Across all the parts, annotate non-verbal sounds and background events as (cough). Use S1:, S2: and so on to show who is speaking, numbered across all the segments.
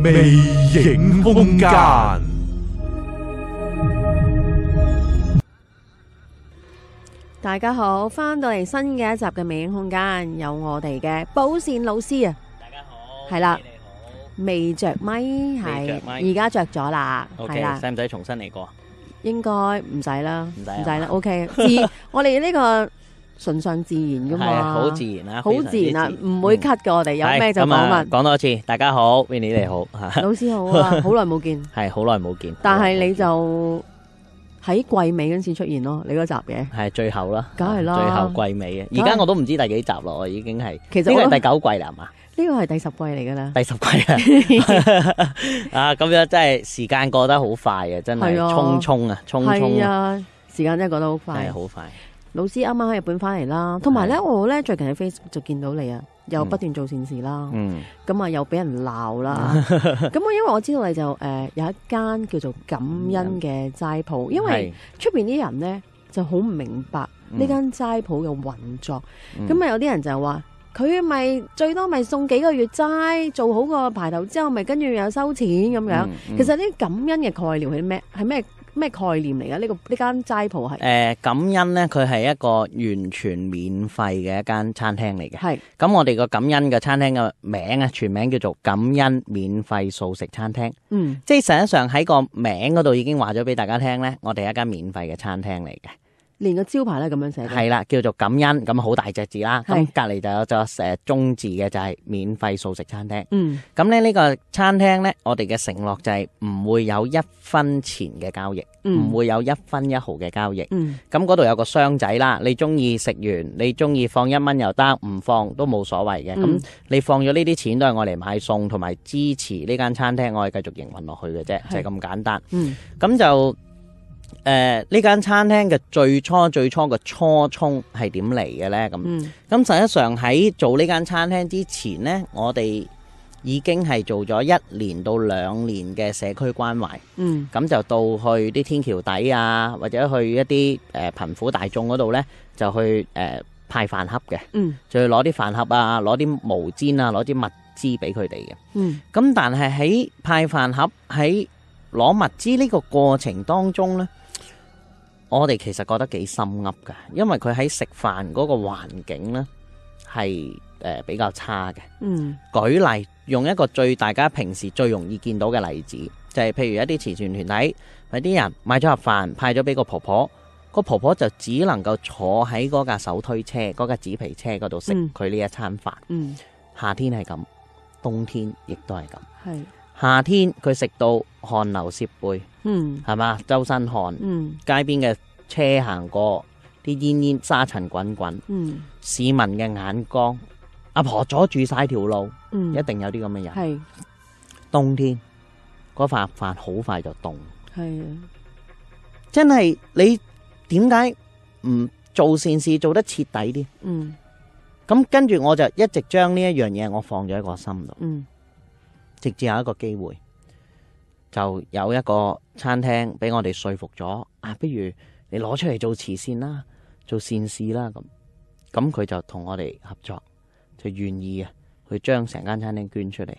S1: 魅影空間，
S2: 大家好，翻到嚟新嘅一集嘅魅影空間，有我哋嘅寶善老師啊，大家好，係啦，未着咪係，而家着咗啦，係啦，
S1: 使唔使重新嚟過？
S2: 應該唔使啦，唔使唔使啦，OK。而，我哋呢個。順順自然噶嘛，好、啊、自然啊。好自然啊，唔會 cut 噶、嗯、我哋，有咩就講問。
S1: 講多一次，大家好 Winnie 你好，吓老師好啊，好耐冇見，係好耐冇見。
S2: 但係你就喺季尾嗰陣時出現咯，你嗰集嘅
S1: 係最後啦，梗係啦，最後季尾啊，而家我都唔知第幾集咯，我已經係，其實呢個係第九季啦，係嘛？
S2: 呢個係第十季嚟噶啦，
S1: 第十季 (laughs) (laughs) 啊，啊咁樣真係時間過得好快啊，真係匆匆啊，匆匆,匆,匆啊，
S2: 時間真係過得好快，係好、啊、快。老師啱啱喺日本翻嚟啦，同埋咧我咧最近喺 Facebook 就見到你啊，又不斷做善事啦，咁、嗯、啊、嗯、又俾人鬧啦，咁、嗯、我因為我知道你就誒、呃、有一間叫做感恩嘅齋鋪，因為出邊啲人咧就好唔明白呢間齋鋪嘅運作，咁、嗯、啊、嗯、有啲人就話佢咪最多咪送幾個月齋，做好個牌頭之後，咪跟住又收錢咁樣。其實呢啲感恩嘅概念係咩？係咩？咩概念嚟噶？呢個呢間齋鋪係
S1: 誒感恩呢佢係一個完全免費嘅一間餐廳嚟嘅。係咁，我哋個感恩嘅餐廳嘅名啊，全名叫做感恩免費素食餐廳。嗯，即係實際上喺個名嗰度已經話咗俾大家聽呢，我哋一間免費嘅餐廳嚟嘅。
S2: 連個招牌咧咁樣寫，係
S1: 啦，叫做感恩咁好大隻字啦。咁隔籬就有個誒中字嘅就係免費素食餐廳。嗯，咁咧呢個餐廳咧，我哋嘅承諾就係唔會有一分錢嘅交易，唔、嗯、會有一分一毫嘅交易。咁嗰度有個箱仔啦，你中意食完，你中意放一蚊又得，唔放都冇所謂嘅。咁、嗯、你放咗呢啲錢都係我嚟買餸，同埋支持呢間餐廳，我哋繼續營運落去嘅啫，就咁、是、簡單。嗯，咁就。誒、呃，呢間餐廳嘅最初最初嘅初衷係點嚟嘅呢？咁、嗯，咁實際上喺做呢間餐廳之前呢，我哋已經係做咗一年到兩年嘅社區關懷。嗯，咁就到去啲天橋底啊，或者去一啲誒貧苦大眾嗰度呢，就去誒、呃、派飯盒嘅。嗯，就去攞啲飯盒啊，攞啲毛氈啊，攞啲物資俾佢哋嘅。嗯，咁但係喺派飯盒喺攞物資呢個過程當中呢。我哋其實覺得幾心噏㗎，因為佢喺食飯嗰個環境呢係、呃、比較差嘅。嗯，舉例用一個最大家平時最容易見到嘅例子，就係、是、譬如一啲慈善團體，有啲人買咗盒飯派咗俾個婆婆，個婆婆就只能夠坐喺嗰架手推車、嗰架紙皮車嗰度食佢呢一餐飯，嗯。嗯，夏天係咁，冬天亦都係咁。係夏天佢食到汗流浹背。嗯，係嘛，周身汗，嗯，街邊嘅車行過，啲煙煙沙塵滾滾，嗯，市民嘅眼光，阿婆阻住晒條路，嗯，一定有啲咁嘅人。係冬天，嗰塊飯好快就凍。係啊，真係你點解唔做善事做得徹底啲？嗯，咁跟住我就一直將呢一樣嘢我放咗喺個心度，
S3: 嗯，
S1: 直至有一個機會。就有一個餐廳俾我哋說服咗，啊，不如你攞出嚟做慈善啦，做善事啦，咁咁佢就同我哋合作，就願意啊，去將成間餐廳捐出嚟。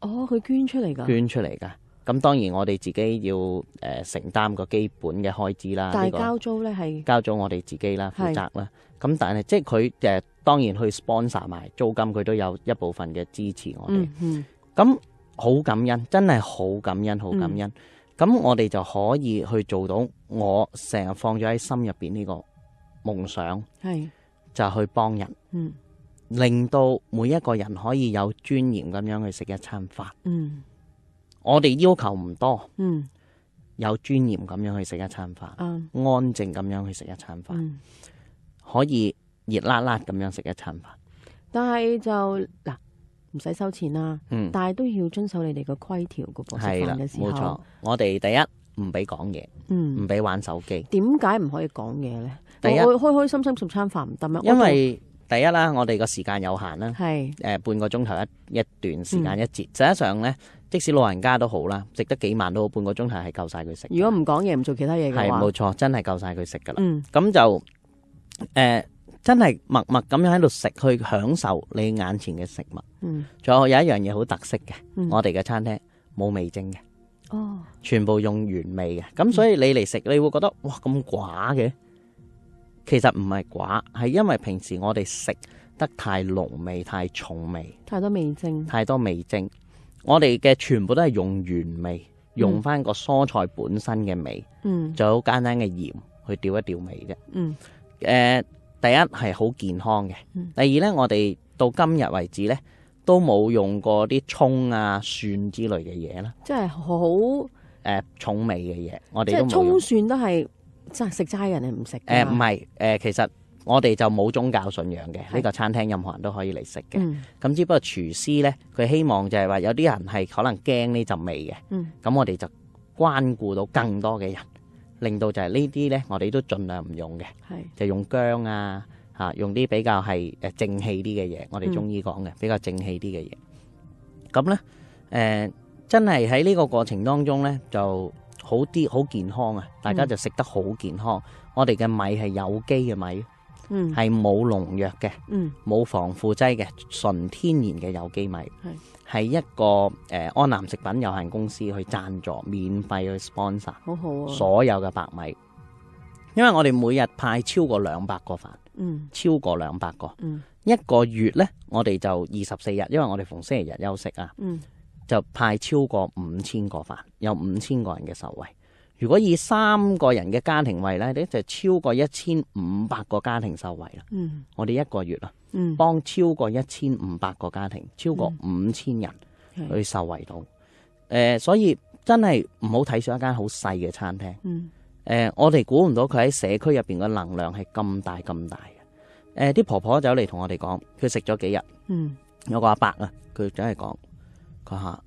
S2: 哦，佢捐出嚟噶？捐出嚟噶，
S1: 咁當然我哋自己要誒、呃、承擔個基本嘅開支啦、這個。但係交
S2: 租咧係？
S1: 交租我哋自己啦，負責啦。咁但係即係佢誒，當然去 sponsor 埋租金，佢都有一部分嘅支持我哋。咁、嗯。嗯。好感恩，真係好感恩，好感恩。咁、嗯、我哋就可以去做到，我成日放咗喺心入邊呢個夢想，係就去幫人，嗯，令到每一個人可以有尊嚴咁樣去食一餐飯，嗯，我哋要求唔多，嗯，有尊嚴咁樣去食一餐飯、嗯，安靜咁樣去食一餐飯、嗯，可以熱辣辣咁樣食一餐飯，
S2: 但係就嗱。唔使收錢啦，嗯，但係都要遵守你哋嘅規條
S1: 噶噃。食飯嘅時候，冇錯。我哋第一唔俾講嘢，唔俾，嗯、玩手機。
S2: 點解唔可以講嘢咧我會開開心心食餐飯唔得咩？因為
S1: 第一啦，我哋個時間有限啦。係誒，呃，半個鐘頭一一段時間一節，嗯、實際上咧，即使老人家都好啦，食得幾慢都好，半個鐘頭係夠晒佢食。如
S2: 果唔講嘢，唔做其他嘢嘅話，係冇
S1: 錯，真係夠晒佢食噶啦。咁、嗯、就誒。呃真係默默咁樣喺度食，去享受你眼前嘅食物。嗯，仲有有一樣嘢好特色嘅，嗯，我哋嘅餐廳冇味精嘅哦，全部用原味嘅。咁所以你嚟食，你會覺得哇咁寡嘅，其實唔係寡，係因為平時我哋食得太濃味、太重味，
S2: 太多味精，
S1: 太多味精。我哋嘅全部都係用原味，用翻個蔬菜本身嘅味，
S3: 嗯，就
S1: 好簡單嘅鹽去調一調味啫，嗯，誒、呃。第一係好健康嘅，第二呢，我哋到今日為止呢，都冇用過啲葱啊、蒜之類嘅嘢啦，
S2: 即係好
S1: 誒重味嘅嘢，我哋都冇用過，即係葱
S2: 蒜都係齋食齋人哋唔食誒，唔
S1: 係誒，其實我哋就冇宗教信仰嘅呢、這個餐廳，任何人都可以嚟食嘅。咁、嗯、只不過廚師呢，佢希望就係話有啲人係可能驚呢陣味嘅，咁、嗯、我哋就關顧到更多嘅人。嗯令到就係呢啲咧，我哋都盡量唔用嘅，係就用薑啊，吓用啲比較係誒正氣啲嘅嘢。我哋中醫講嘅比較正氣啲嘅嘢。咁咧誒，真係喺呢個過程當中咧，就好啲好健康啊！大家就食得好健康。我哋嘅米係有機嘅米，嗯，係冇農藥嘅，嗯，冇防腐劑嘅，純天然嘅有機米。係係一個誒、呃、安南食品有限公司去贊助，免費去 sponsor，、啊、所有嘅白米。因為我哋每日派超過兩百個飯、嗯，超過兩百個、嗯，一個月呢，我哋就二十四日，因為我哋逢星期日休息啊、嗯，就派超過五千個飯，有五千個人嘅受惠。如果以三個人嘅家庭為例，呢就超過一千五百個家庭受惠啦、嗯。我哋一個月啦。幫、嗯、超過一千五百個家庭，超過五千人去、嗯、受惠到，誒、呃，所以真係唔好睇上一間好細嘅餐廳，誒、嗯呃，我哋估唔到佢喺社區入邊嘅能量係咁大咁大嘅，誒、呃，啲婆婆走嚟同我哋講，佢食咗幾日、嗯，有個阿伯啊，佢真係講，佢話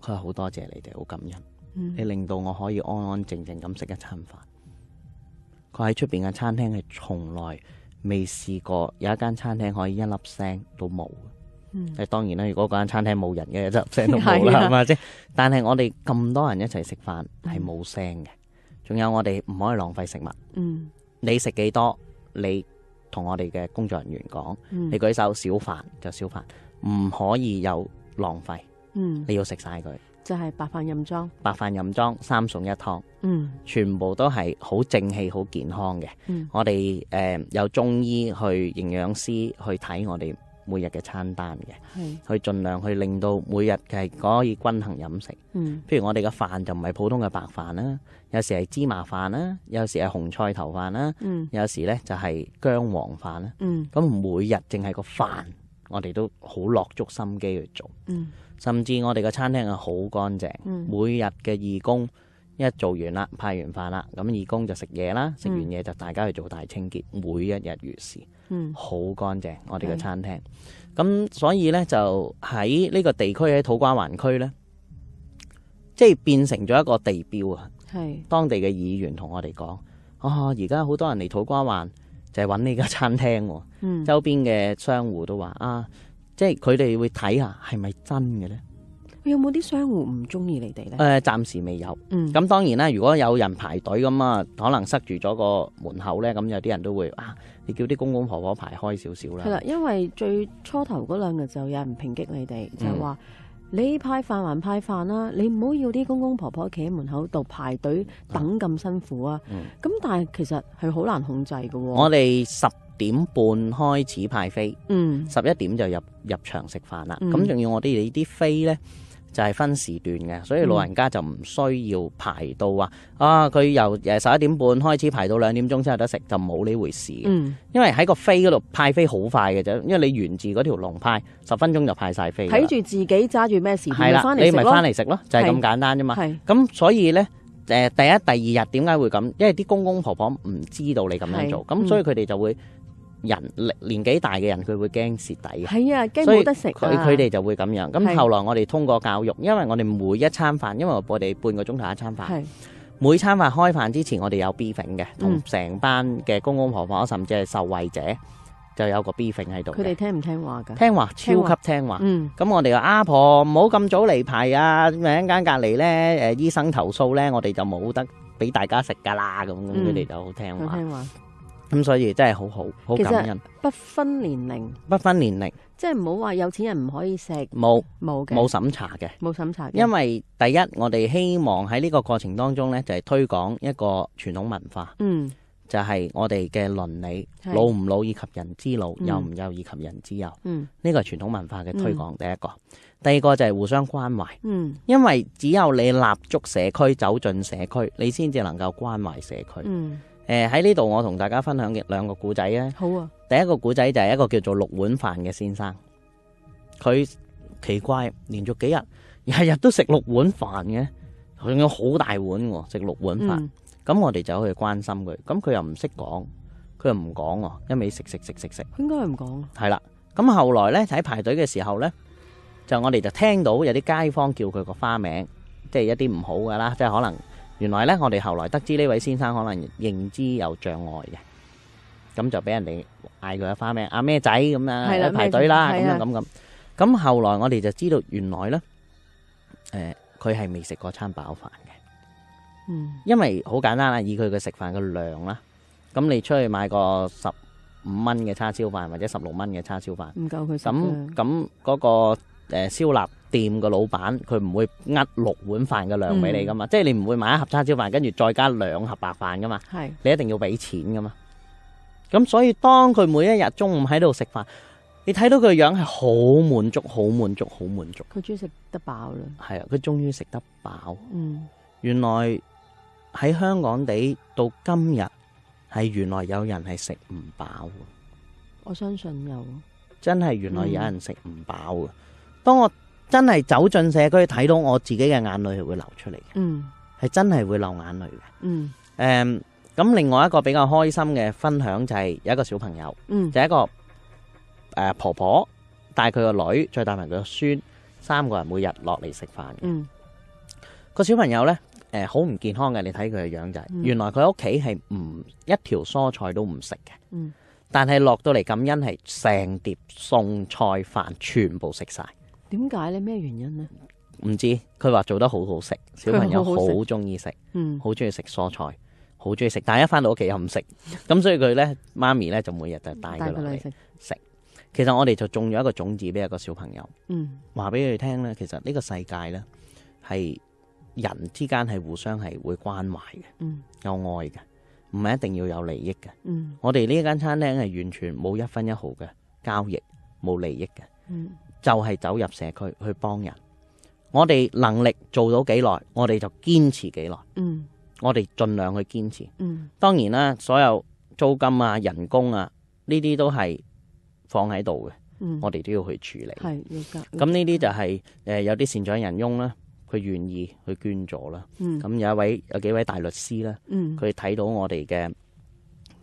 S1: 佢好多謝你哋，好感恩、嗯，你令到我可以安安靜靜咁食一餐飯，佢喺出邊嘅餐廳係從來。未試過有一間餐廳可以一粒聲都冇，嗯，係當然啦，如果嗰間餐廳冇人嘅，一粒聲都冇啦，係咪、啊、但係我哋咁多人一齊食飯係冇聲嘅。仲、嗯、有，有我哋唔可以浪費食物。嗯，你食幾多，你同我哋嘅工作人員講。你舉手少飯就少飯，唔可以有浪費。嗯，你要食晒佢。
S2: 就係、是、白飯任裝，
S1: 白飯任裝，三餸一湯，嗯，全部都係好正氣、好健康嘅。嗯，我哋誒、呃、有中醫去營養師去睇我哋每日嘅餐單嘅，係去盡量去令到每日係可以均衡飲食。嗯，譬如我哋嘅飯就唔係普通嘅白飯啦，有時係芝麻飯啦，有時係紅菜頭飯啦，嗯，有時咧就係薑黃飯啦，嗯，咁每日淨係個飯。我哋都好落足心機去做，嗯、甚至我哋個餐廳係好乾淨。嗯、每日嘅義工一做完啦，派完飯啦，咁義工就食嘢啦，食、嗯、完嘢就大家去做大清潔，每一日如是，好、嗯、乾淨、嗯、我哋嘅餐廳。咁所以呢，就喺呢個地區喺土瓜灣區呢，即係變成咗一個地標啊！係當地嘅議員同我哋講：啊、哦，而家好多人嚟土瓜灣。就係揾呢間餐廳喎、啊，周邊嘅商戶都話啊，即係佢哋會睇下係咪真嘅咧？
S2: 有冇啲商戶唔中意你
S1: 哋咧？誒、呃，暫時未有。嗯，咁當然啦，如果有人排隊咁啊，可能塞住咗個門口咧，咁有啲人都會啊，你叫啲公公婆婆排開少少啦。係、嗯、啦，
S2: 因為最初頭嗰兩日就有人抨擊你哋，就係話。你派飯還派飯啦！你唔好要啲公公婆婆企喺門口度排隊等咁辛苦啊！咁、嗯、但係其實係好難控制喎、哦。我哋
S1: 十點半開始派飛，十一點就入入場食飯啦。咁、嗯、仲要我哋啲飛咧。就係、是、分時段嘅，所以老人家就唔需要排到話、嗯、啊。佢由誒十一點半開始排到兩點鐘先有得食，就冇呢回事嘅、嗯。因為喺個飛嗰度派飛好快嘅啫，因為你沿住嗰條龍派，十分鐘就派晒飛。睇住
S2: 自己揸住咩時段翻嚟咯，你咪翻嚟食咯，就係咁、就是、簡
S1: 單啫嘛。咁所以咧誒，第一第二日點解會咁？因為啲公公婆婆唔知道你咁樣做，咁、嗯、所以佢哋就會。人力年紀大嘅人佢會驚蝕底嘅，係啊，驚冇得食啊。所以佢佢哋就會咁樣。咁後來我哋通過教育，因為我哋每一餐飯，因為我哋半個鐘頭一餐飯，每餐飯開飯之前我哋有 briefing 嘅，同成班嘅公公婆婆甚至係受惠者就有個 briefing 喺度。佢
S2: 哋聽唔聽話㗎？
S1: 聽話，超級聽話。咁我哋話阿婆唔好咁早嚟排啊，因為陣間隔離呢誒醫生投訴呢，我哋就冇得俾大家食㗎啦咁，咁佢哋就好聽話。咁所以真係好好，好感恩，
S2: 不分年齡，
S1: 不分年齡，
S2: 即係唔好話有錢人唔可以食。
S1: 冇冇冇審查嘅，
S2: 冇審查。因為
S1: 第一，我哋希望喺呢個過程當中呢，就係、是、推廣一個傳統文化。嗯，就係、是、我哋嘅倫理老唔老以及人之老，嗯、幼唔幼以及人之幼。嗯，呢、這個係傳統文化嘅推廣、嗯、第一個，第二個就係互相關懷。嗯，因為只有你立足社區，走進社區，你先至能夠關懷社區。嗯。誒，喺呢度我同大家分享嘅兩個故仔咧，第一個故仔就係一個叫做六碗飯嘅先生，佢奇怪連續幾日日日都食六碗飯嘅，仲有好大碗喎，食六碗飯，咁我哋就去關心佢，咁佢又唔識講，佢又唔講，一味食食食食食，
S2: 應該係唔講，
S1: 係啦，咁後來咧喺排隊嘅時候咧，就我哋就聽到有啲街坊叫佢個花名，即係一啲唔好噶啦，即係可能。原來咧，我哋後來得知呢位先生可能認知有障礙嘅，咁就俾人哋嗌佢阿花咩阿咩仔咁樣係啦，排隊啦，咁樣咁咁。咁後來我哋就知道原來咧，誒，佢係未食過餐飽飯嘅。嗯，因為好簡單啦，以佢嘅食飯嘅量啦，咁你出去買個十五蚊嘅叉燒飯或者十六蚊嘅叉燒飯，唔夠佢食嘅。咁嗰個。誒，燒臘店嘅老闆，佢唔會呃六碗飯嘅量俾你噶嘛，即係你唔會買一盒叉燒飯，跟住再加兩盒白飯噶嘛，係你一定要俾錢噶嘛。咁所以當佢每一日中午喺度食飯，你睇到佢嘅樣係好滿足，好滿足，好滿足。佢終於食得飽啦。係啊，佢終於食得飽。嗯，原來喺香港地到今日係原來有人係食唔飽。
S2: 我相信有。
S1: 真係原來有人食唔飽啊！當我真係走進社區，睇到我自己嘅眼淚係會流出嚟
S3: 嘅，
S1: 係、嗯、真係會流眼淚嘅。誒、嗯，咁、um, 另外一個比較開心嘅分享就係有一個小朋友，嗯、就係、一個誒、呃、婆婆帶佢個女，再帶埋佢個孫，三個人每日落嚟食飯
S3: 嘅
S1: 個、嗯、小朋友呢，誒，好唔健康嘅。你睇佢嘅樣就係、嗯、原來佢屋企係唔一條蔬菜都唔食嘅，但係落到嚟感恩係成碟餸菜，菜飯全部食曬。
S2: 點解咧？咩原因咧？
S1: 唔知佢話做得好好食，小朋友好中意食，嗯，好中意食蔬菜，好中意食。但係一翻到屋企又唔食，咁 (laughs) 所以佢咧，媽咪咧就每日就帶佢落嚟食。其實我哋就種咗一個種子俾一個小朋友，嗯，話俾佢聽咧，其實呢個世界咧係人之間係互相係會關懷嘅，嗯，有愛嘅，唔係一定要有利益嘅，嗯。我哋呢間餐廳係完全冇一分一毫嘅交易，冇利益嘅，嗯。就係、是、走入社區去幫人，我哋能力做到幾耐，我哋就堅持幾耐。嗯，我哋盡量去堅持。嗯，當然啦，所有租金啊、人工啊呢啲都係放喺度嘅。嗯，我哋都要去處理。係
S3: 要嘅。咁呢啲
S1: 就係、是、誒有啲善長人翁啦，佢願意去捐助啦。咁、嗯、有一位有幾位大律師啦。佢睇到我哋嘅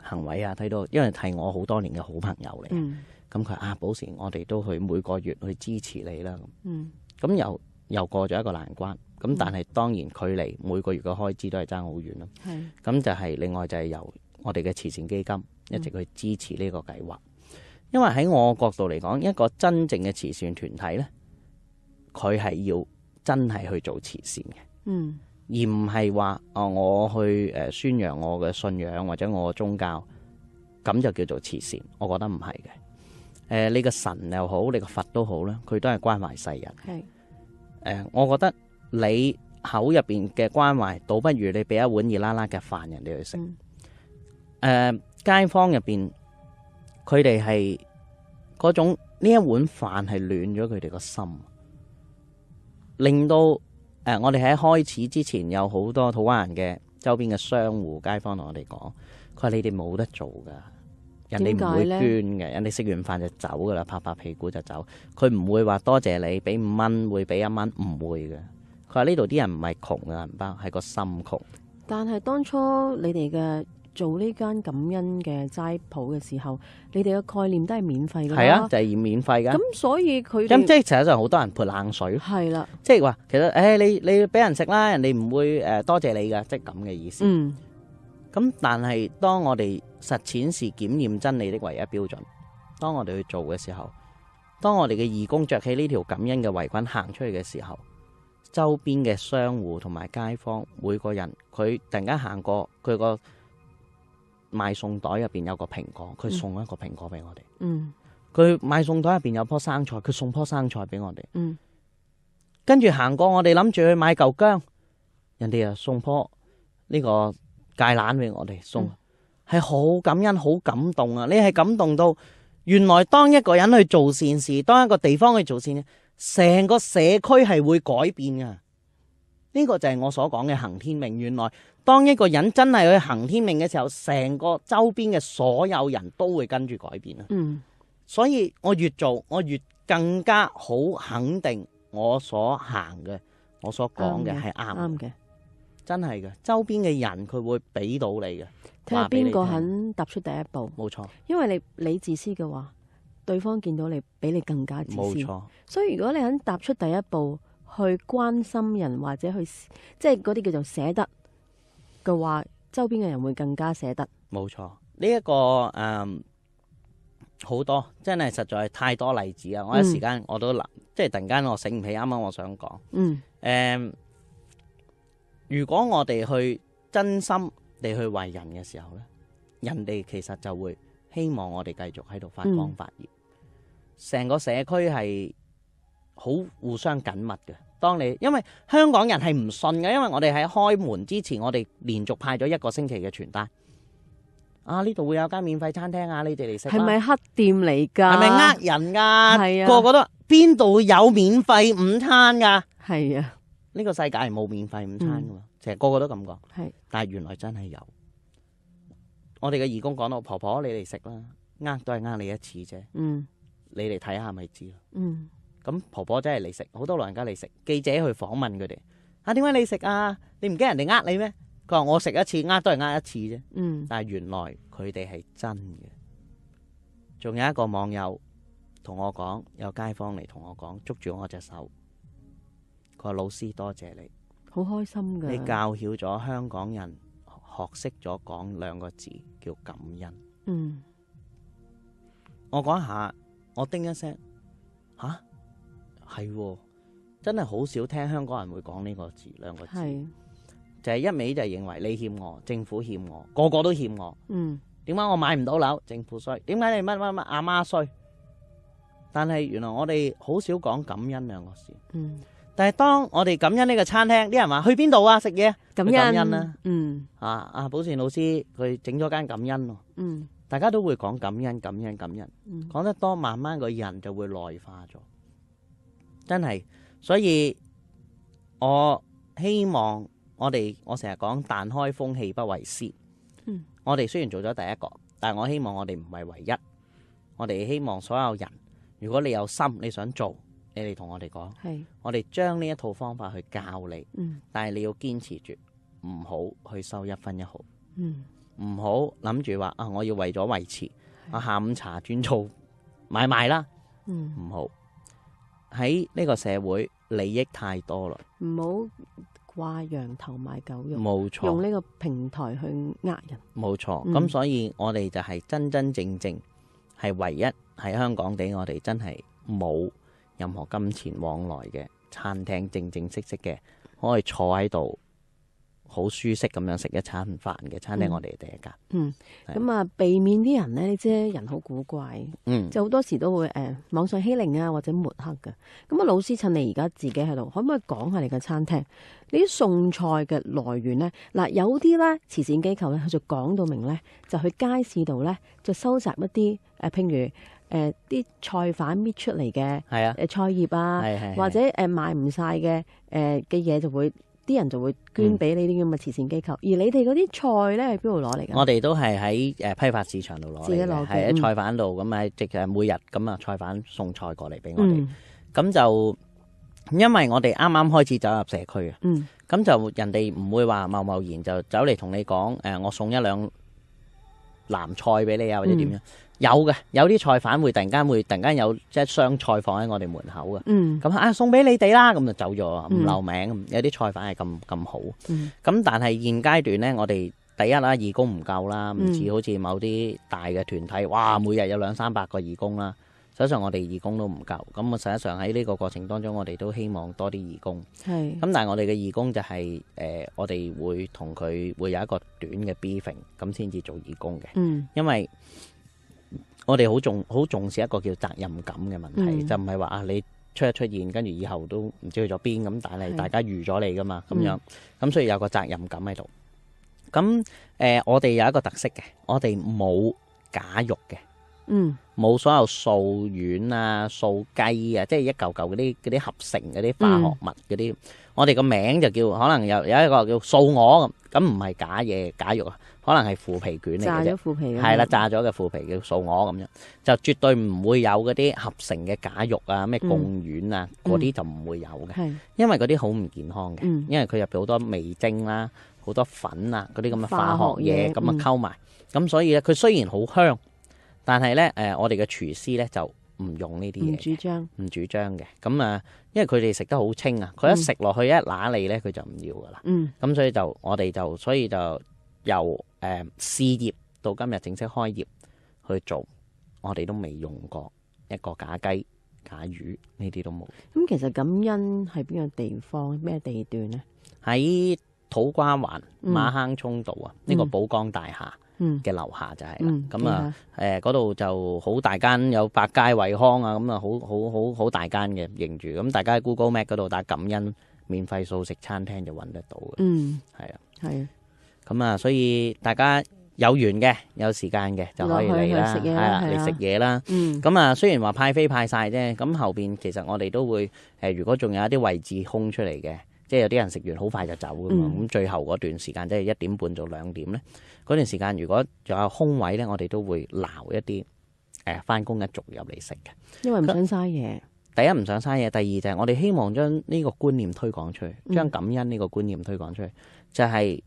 S1: 行為啊，睇、嗯、到因為係我好多年嘅好朋友嚟。嗯。咁佢啊，寶善，我哋都去每個月去支持你啦。咁、嗯、咁又又過咗一個難關。咁但係當然距離每個月嘅開支都係爭好遠咯。咁、嗯、就係、是、另外就係由我哋嘅慈善基金一直去支持呢個計劃，嗯。因為喺我角度嚟講，一個真正嘅慈善團體咧，佢係要真係去做慈善嘅，
S3: 嗯，
S1: 而唔係話哦我去誒宣揚我嘅信仰或者我宗教咁就叫做慈善。我覺得唔係嘅。誒、呃，你個神又好，你個佛也好都好啦，佢都係關懷世人。
S3: 係，
S1: 誒、呃，我覺得你口入邊嘅關懷，倒不如你俾一碗熱辣辣嘅飯人哋去食。誒、嗯呃，街坊入邊，佢哋係嗰種呢一碗飯係暖咗佢哋個心，令到誒、呃，我哋喺開始之前有好多土瓜灣人嘅周邊嘅商戶、街坊同我哋講，佢話你哋冇得做噶。人哋唔會捐嘅，人哋食完飯就走噶啦，拍拍屁股就走。佢唔會話多謝你，俾五蚊會俾一蚊，唔會嘅。佢話呢度啲人唔係窮嘅銀包，係個心窮。
S2: 但係當初你哋嘅做呢間感恩嘅齋鋪嘅時候，你哋嘅概念都係免費嘅。係啊，
S1: 就係免費㗎。咁
S2: 所以佢咁即係
S1: 實際上好多人潑冷水。係啦，即係話其實誒，你你俾人食啦，人哋唔會誒多謝你㗎，即係咁嘅意思。嗯。咁，但係當我哋實踐是檢驗真理的唯一標準。當我哋去做嘅時候，當我哋嘅義工着起呢條感恩嘅圍裙行出去嘅時候，周邊嘅商戶同埋街坊，每個人佢突然間行過佢，個買餸袋入邊有個蘋果，佢送一個蘋果俾我哋。嗯，佢買餸袋入邊有棵生菜，佢送棵生菜俾我哋。嗯，跟住行過我哋諗住去買嚿薑，人哋又送棵呢、這個。芥蘭俾我哋送，係、嗯、好感恩、好感動啊！你係感動到原來當一個人去做善事，當一個地方去做善事，成個社區係會改變噶。呢、呢個就係我所講嘅行天命。原來當一個人真係去行天命嘅時候，成個周邊嘅所有人都會跟住改變啊！嗯，所以我越做，我越更加好肯定我所行嘅，我所講嘅係啱嘅。嗯嗯真係嘅，周邊嘅人佢會俾到你嘅。睇下邊個肯
S2: 踏出第一步。冇錯。因為你你自私嘅話，對方見到你比你更加自私。冇錯。所以如果你肯踏出第一步去關心人或者去即係嗰啲叫做捨得嘅話，周邊嘅人會更加捨得。
S1: 冇錯。呢、這、一個誒好、嗯、多真係實在係太多例子啦。我有時間我都難，即係突然間我醒唔起啱啱我想講。嗯。誒。嗯嗯如果我哋去真心地去為人嘅時候咧，人哋其實就會希望我哋繼續喺度發光發熱，成、嗯、個社區係好互相緊密嘅。當你因為香港人係唔信嘅，因為我哋喺開門之前，我哋連續派咗一個星期嘅傳單。啊，呢度會有間免費餐廳啊，你哋嚟食，係咪黑店嚟噶？係咪呃人噶、啊？係啊，個個都邊度有免費午餐噶？係啊。呢、這個世界係冇免費午餐噶嘛，成、嗯、個個都咁講。係，但係原來真係有。我哋嘅義工講到婆婆，你吃，你嚟食啦，呃都係呃你一次啫。嗯，你嚟睇下咪知咯。嗯，咁婆婆真係嚟食，好多老人家嚟食，記者去訪問佢哋。啊，點解你食啊？你唔驚人哋呃你咩？佢話我食一次，呃都係呃一次啫。嗯，但係原來佢哋係真嘅。仲有一個網友同我講，有街坊嚟同我講，捉住我隻手。，個老師多謝你，好
S2: 開心嘅。你教
S1: 曉咗香港人學識咗講兩個字叫感恩。嗯，我講一下，我叮一聲嚇，係真係好少聽香港人會講呢個字兩個字，
S3: 就
S1: 係一味就係認為你欠我，政府欠我，個個都欠我。嗯，點解我買唔到樓？政府衰，點解你乜乜乜阿媽衰？但係原來我哋好少講感恩兩個字。嗯。但係當我哋感恩呢個餐廳，啲人話去邊度啊食嘢？感恩啦，嗯啊啊，寶善老師佢整咗間感恩咯。嗯，大家都會講感恩感恩感恩，講得多慢慢個人就會內化咗，真係。所以我希望我哋我成日講，但開風氣不為師，嗯，我哋雖然做咗第一個，但係我希望我哋唔係唯一，我哋希望所有人，如果你有心你想做。你哋同我哋講，係、我哋將呢一套方法去教你，嗯、但係你要堅持住，唔好去收一分一毫，唔好諗住話啊，我要為咗維持我下午茶專做買賣啦，唔好喺呢個社會利益太多啦，唔好掛
S2: 羊頭賣狗肉，冇錯，用呢個平台去呃人，
S1: 冇錯。咁、嗯、所以我哋就係真真正正係唯一喺香港嘅，我哋真係冇。任何金錢往來嘅餐廳，正正式式嘅，可以坐喺度好舒適咁樣食一餐飯嘅餐廳，我哋第一間
S2: 嗯，咁啊、嗯，避免啲人呢，即係人好古怪，嗯，就好多時都會誒、嗯、網上欺凌啊或者抹黑噶咁啊，老師趁你而家自己喺度，可唔可以講下你嘅餐廳？呢啲送菜嘅來源呢？嗱、呃、有啲呢慈善機構佢就講到明呢，就去街市度呢，就收集一啲誒、呃，譬如。誒、呃，啲菜販搣出嚟嘅，係啊，誒菜葉啊，或者誒賣唔晒嘅，誒嘅嘢就會，啲人就會捐俾你啲咁嘅慈善機構、嗯。而你哋嗰啲菜咧，係邊度攞嚟噶？我
S1: 哋都係喺誒批發市場度攞，自己攞，係喺菜販度咁啊，直、嗯、誒每日咁啊，菜販送菜過嚟俾我哋。咁、嗯、就因為我哋啱啱開始走入社區啊，咁、嗯、就人哋唔會話貿貿然就走嚟同你講，誒、呃，我送一兩。藍菜俾你啊，或者點樣有嘅、嗯？有啲菜販會突然間會突然間有即係箱菜放喺我哋門口嘅。嗯，咁啊送俾你哋啦，咁就走咗，唔留名。嗯、有啲菜販係咁咁好。咁、嗯、但係現階段咧，我哋第一啦，義工唔夠啦，唔似好似某啲大嘅團體、嗯，哇，每日有兩三百個義工啦。實際上我哋義工都唔夠，咁我實際上喺呢個過程當中，我哋都希望多啲義工。係。咁但係我哋嘅義工就係、是、誒、呃，我哋會同佢會有一個短嘅 briefing，咁先至做義工嘅。嗯。因為我哋好重好重視一個叫責任感嘅問題，是就唔係話啊你出一出現，跟住以後都唔知去咗邊，咁但係大家預咗你噶嘛，咁樣，咁、嗯嗯、所以有個責任感喺度。咁誒、呃，我哋有一個特色嘅，我哋冇假肉嘅。嗯，冇所有素丸啊、素雞啊，即係一嚿嚿嗰啲啲合成嗰啲化學物嗰啲、嗯，我哋個名就叫可能有有一個叫素鵝咁，唔係假嘢假肉啊，可能係腐皮卷嚟嘅啫，腐皮係啦，炸咗嘅腐皮叫素鵝咁樣，就絕對唔會有嗰啲合成嘅假肉啊，咩貢丸啊，嗰、嗯、啲、嗯、就唔會有嘅，因為嗰啲好唔健康嘅、嗯，因為佢入邊好多味精啦、啊，好多粉啊，嗰啲咁嘅化學嘢咁啊溝埋，咁、嗯嗯、所以咧，佢雖然好香。但係咧、呃，我哋嘅廚師咧就唔用呢啲嘢，唔主張，唔主張嘅。咁、嗯、啊，因為佢哋食得好清啊，佢一食落去一揦脷咧，佢就唔要噶啦。咁、嗯、所以就我哋就所以就由誒試、呃、業到今日正式開業去做，我哋都未用過一個假雞、假魚，呢啲都冇。咁其實感恩係邊個地方、咩地段咧？喺土瓜灣馬坑涌道啊，呢、嗯嗯呢個寶崗大廈。嘅樓下就係啦，咁、嗯、啊誒嗰度就好大間，有百佳惠康啊，咁啊好好好好大間嘅營住，咁大家喺 Google Map 嗰度打感恩免費素食餐廳就揾得到
S3: 嘅，嗯，
S1: 係啊，係啊，咁啊，所以大家有緣嘅，有時間嘅就可以嚟啦，係啊，嚟食嘢啦，嗯，咁啊，雖然話派飛派晒啫，咁後邊其實我哋都會誒，如果仲有一啲位置空出嚟嘅。即係有啲人食完好快就走㗎嘛，咁最後嗰段時間即係一點半到兩點咧，嗰、就是、段時間如果仲有空位咧，我哋都會鬧一啲誒返工一族入嚟食嘅，
S2: 因為唔想嘥嘢。
S1: 第一唔想嘥嘢，第二就係我哋希望將呢個觀念推廣出去，嗯、將感恩呢個觀念推廣出去，就係、是、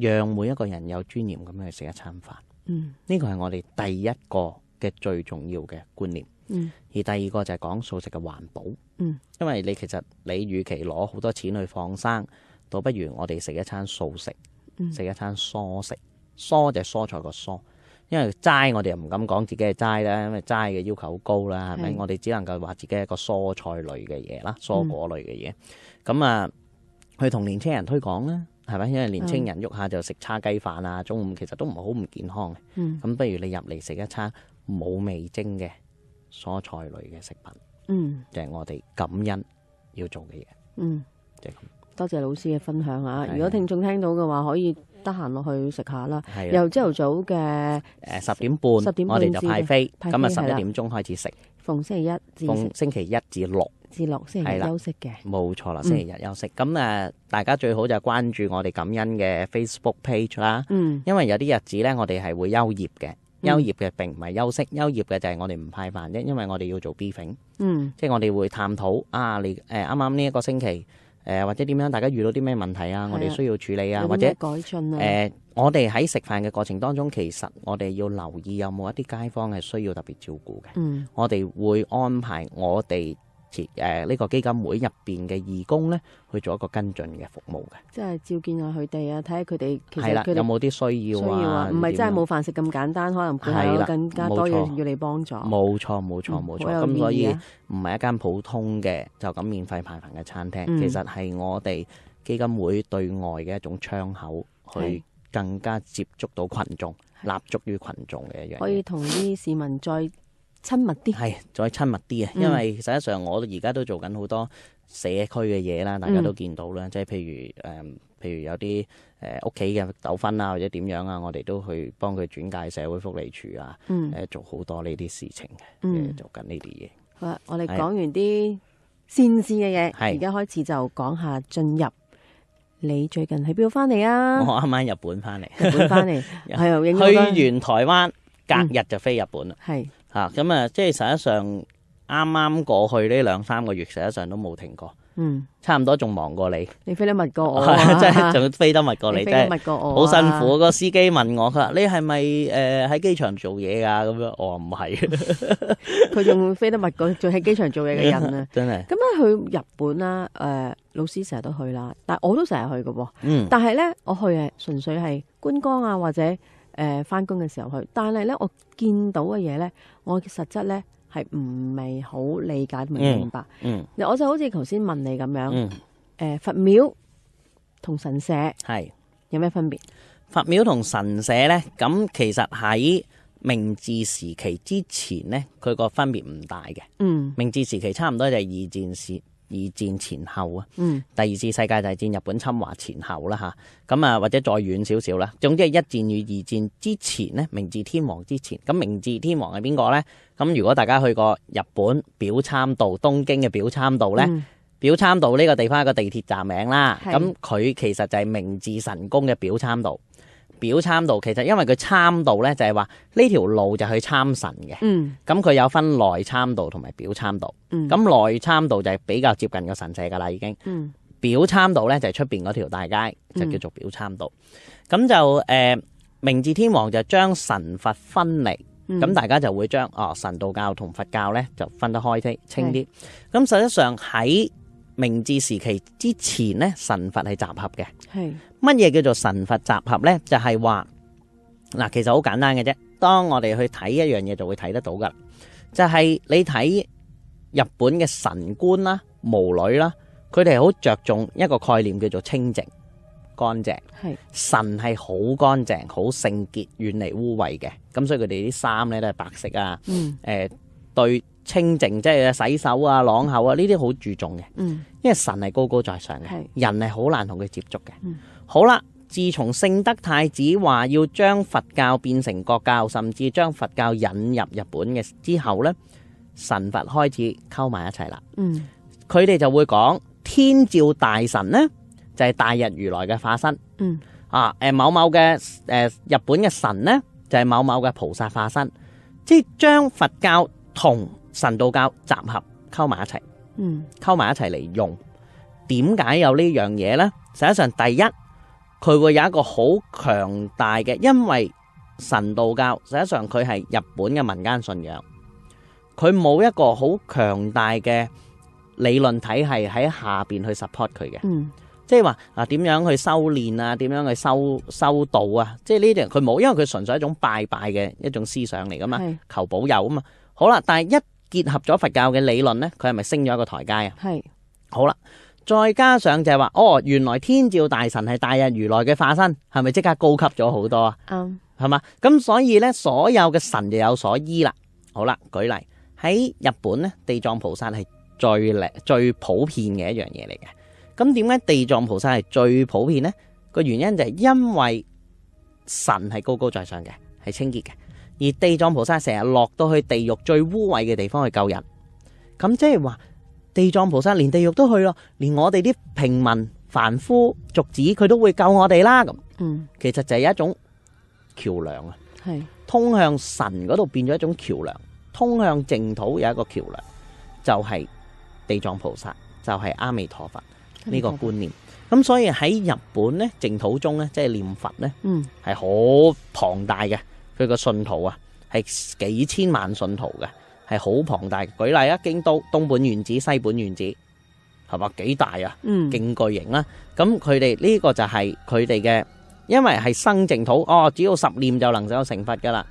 S1: 讓每一個人有尊嚴咁樣去食一餐飯。嗯，呢個係我哋第一個嘅最重要嘅觀念。嗯，而第二個就係講素食嘅環保。嗯，因為你其實你與其攞好多錢去放生，倒不如我哋食一餐素食，食、嗯、一餐蔬食。蔬就係蔬菜個蔬，因為齋我哋又唔敢講自己係齋啦，因為齋嘅要求好高啦，係咪？我哋只能夠話自己係一個蔬菜類嘅嘢啦，蔬果類嘅嘢。咁、嗯、啊，去同年青人推廣啦，係咪？因為年青人喐下就食叉雞飯啊，中午其實都唔係好唔健康嘅。咁、嗯、不如你入嚟食一餐冇味精嘅。蔬菜類嘅食品，嗯，就係、是、我哋感恩要做嘅嘢，嗯，就咁、是。
S2: 多謝老師嘅分享啊！如果聽眾聽到嘅話，可以得閒落去食下啦。由朝頭早嘅誒
S1: 十點半，半我哋就派飛，派飛今日十一點鐘開始食。
S2: 逢星期一至，至逢
S1: 星期一至六，
S2: 至六星期係休息嘅
S1: 冇錯啦。星期日休息。咁、嗯、誒，大家最好就關注我哋感恩嘅 Facebook page 啦。嗯，因為有啲日子咧，我哋係會休業嘅。休業嘅並唔係休息，嗯、休業嘅就係我哋唔派飯啫，因為我哋要做 briefing，嗯，即係我哋會探討啊，你誒啱啱呢一個星期、呃、或者點樣，大家遇到啲咩問題啊，我哋需要處理啊，啊或者
S2: 改進啊、呃。
S1: 我哋喺食飯嘅過程當中，其實我哋要留意有冇一啲街坊係需要特別照顧嘅，嗯，我哋會安排我哋。誒、這、呢個基金會入邊嘅義工咧，去做一個跟進嘅服務
S2: 嘅，即係照見下佢哋啊，睇下佢哋其實有冇
S1: 啲需要啊？唔係、啊、真係冇
S2: 飯食咁簡單，可能佢有更加多嘢要你幫助。冇
S1: 錯冇錯冇錯，咁、嗯啊、所以唔係一間普通嘅就咁免費派飯嘅餐廳、嗯，其實係我哋基金會對外嘅一種窗口，去更加接觸到群眾，立足於群眾嘅一樣。可以
S2: 同啲市民再。親密啲係，
S1: 再親密啲啊！因為實際上我而家都在做緊好多社區嘅嘢啦，大家都見到啦，即係譬如誒、呃，譬如有啲誒屋企嘅糾紛啊，或者點樣啊，我哋都去幫佢轉介社會福利處啊，誒、嗯，做好多呢啲事情嘅、呃嗯，做緊呢啲嘢。
S2: 好，我哋講完啲善事嘅嘢，而家開始就講下進入。你最近喺邊度翻嚟啊？我啱
S1: 啱日本翻嚟，日本翻嚟，係 (laughs) 去完台灣 (laughs) 隔日就飛日本啦，係、嗯。吓咁啊！即係實際上，啱啱過去呢兩三個月，實際上都冇停過。嗯，差唔多仲忙過你。你飛得密過我、啊，即係仲飛得密過你。你飛得密過我、啊，好辛苦。啊個司機問我，佢話你係咪誒喺機場做嘢噶？咁樣我話唔係。
S2: 佢仲飛得密過仲喺機場做嘢嘅人啊！真係。咁咧去日本啦，誒、呃，老師成日都去啦，但係我都成日去嘅喎、嗯。但係咧，我去係純粹係觀光啊，或者。誒翻工嘅時候去，但係咧，我見到嘅嘢咧，我嘅實質咧係唔係好理解同埋明白。我就好似頭先問你咁樣，誒、嗯呃、佛廟
S1: 同神社係有咩分別？佛廟同神社咧，咁其實喺明治時期之前咧，佢個分別唔大嘅、嗯。明治時期差唔多就係二戰時。二戰前後啊，第二次世界大戰日本侵華前後啦嚇，咁啊或者再遠少少啦，總之係一戰與二戰之前咧，明治天皇之前，咁明治天皇係邊個咧？咁如果大家去過日本表參道，東京嘅表參道咧，表參道呢個地方係個地鐵站名啦，咁佢其實就係明治神宮嘅表參道。表參道其實因為佢參道咧，就係話呢條路就去參神嘅。咁、嗯、佢有分內參道同埋表參道。咁內參道就係比較接近個神社噶啦，已經。嗯、表參道咧就係出邊嗰條大街，就叫做表參道。咁、嗯嗯、就誒，明治天皇就將神佛分離，咁、嗯、大家就會將哦神道教同佛教咧就分得開啲清啲。咁實際上喺明治時期之前咧，神佛係集合嘅。係。乜嘢叫做神佛集合呢？就係話嗱，其實好簡單嘅啫。當我哋去睇一樣嘢，就會睇得到噶。就係你睇日本嘅神官啦、巫女啦，佢哋好着重一個概念叫做清淨、乾淨，係神係好乾淨、好聖潔，遠離污穢嘅。咁所以佢哋啲衫呢，都係白色啊。嗯。呃，對清淨，即係洗手啊、朗口啊呢啲好注重嘅。嗯。因為神係高高在上嘅，係人係好難同佢接觸嘅。嗯。好啦，自從聖德太子話要將佛教變成國教，甚至將佛教引入日本嘅之後呢，神佛開始溝埋一齊啦。嗯，佢哋就會講天照大神呢，就係大日如來嘅化身。嗯啊，某某嘅，誒，日本嘅神呢，就係某某嘅菩薩化身，即將佛教同神道教集合溝埋一齊。嗯，溝埋一齊嚟用，點解有呢樣嘢呢？實際上第一。佢會有一個好強大嘅，因為神道教實際上佢係日本嘅民間信仰，佢冇一個好強大嘅理論體系喺下邊去 support 佢嘅，嗯，即係話啊點樣去修煉啊，點樣去修修道啊，即係呢啲佢冇，因為佢純粹係一種拜拜嘅一種思想嚟噶嘛，求保佑啊嘛，好啦，但係一結合咗佛教嘅理論呢，佢係咪升咗一個台階啊？係，好啦。再加上就係話哦，原來天照大神係大日如來嘅化身，係咪即刻高級咗好多啊？啱係、oh. 嘛？咁所以呢，所有嘅神就有所依啦。好啦，舉例喺日本呢，地藏菩薩係最靚、最普遍嘅一樣嘢嚟嘅。咁點解地藏菩薩係最普遍呢？個原因就係因為神係高高在上嘅，係清潔嘅，而地藏菩薩成日落到去地獄最污穢嘅地方去救人，咁即係話。地藏菩薩連地獄都去咯，連我哋啲平民凡夫俗子佢都會救我哋啦咁。嗯，其實就係一種橋樑啊，係通向神嗰度變咗一種橋樑，通向淨土有一個橋樑就係、是、地藏菩薩，就係、是、阿彌陀佛呢個觀念。咁、嗯、所以喺日本咧，淨土中宗咧即係念佛咧，嗯，係好龐大嘅，佢個信徒啊係幾千萬信徒嘅。係好龐大的，舉例啊，京都東本原子、西本原子，係嘛幾大啊？嗯，勁巨型啦。咁佢哋呢個就係佢哋嘅，因為係生淨土，哦，只要十念就能夠成佛噶啦。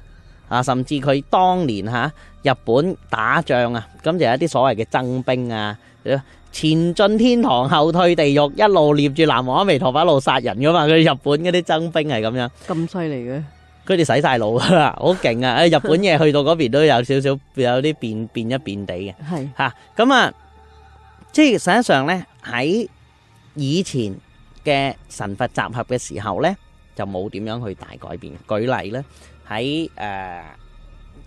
S1: 啊，甚至佢當年嚇、啊、日本打仗啊，咁就有一啲所謂嘅徵兵啊，前進天堂，後退地獄，一路捏住南無阿眉陀佛，一路殺人噶嘛。佢日本嗰啲徵兵係咁樣，咁犀利嘅。佢哋使曬腦噶啦，好勁啊！誒，日本嘢去到嗰邊都有少少有啲變變一變地嘅，係嚇咁啊！即係實際上咧，喺以前嘅神佛集合嘅時候咧，就冇點樣去大改變。舉例咧，喺誒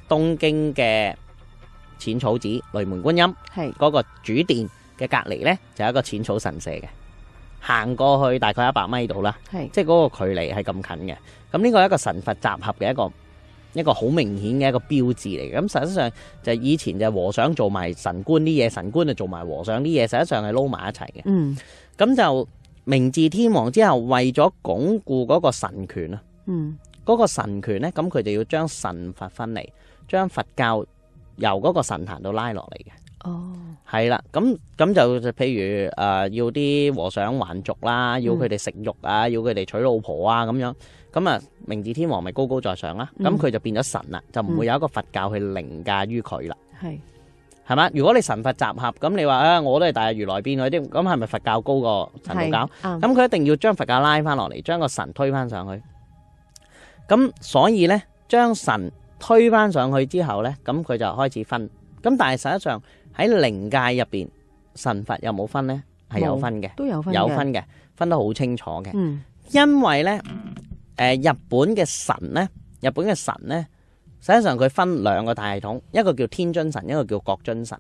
S1: 東京嘅淺草寺雷門觀音係嗰個主殿嘅隔籬咧，就有一個淺草神社嘅。行過去大概一百米度啦，即係嗰個距離係咁近嘅。咁呢個係一個神佛集合嘅一個一個好明顯嘅一個標誌嚟。咁實際上就以前就和尚做埋神官啲嘢，神官就做埋和尚啲嘢，實際上係撈埋一齊嘅。嗯，咁就明治天皇之後為咗鞏固嗰個神權啊，嗰、嗯嗰個神權呢，咁佢就要將神佛分離，將佛教由嗰個神壇度拉落嚟嘅。哦，係啦，咁咁就就譬如誒，要啲和尚還俗啦，要佢哋食肉啊，要佢哋娶老婆啊，咁樣，咁啊，明治天皇咪高高在上啦，咁佢就變咗神啦，就唔會有一個佛教去凌駕於佢啦，係係嘛？如果你神佛集合，咁你話啊，我都係大日如來變嗰啲，咁係咪佛教高過神道教？咁佢一定要將佛教拉翻落嚟，將個神推翻上去。咁所以呢，將神推翻上去之後呢，咁佢就開始分。咁但係實際上。喺靈界入邊，神佛有冇分呢？係有分嘅，都有分，有分嘅，分得好清楚嘅。因為呢，誒，日本嘅神呢，日本嘅神呢，實際上佢分兩個大系統，一個叫天津神，一個叫國津神。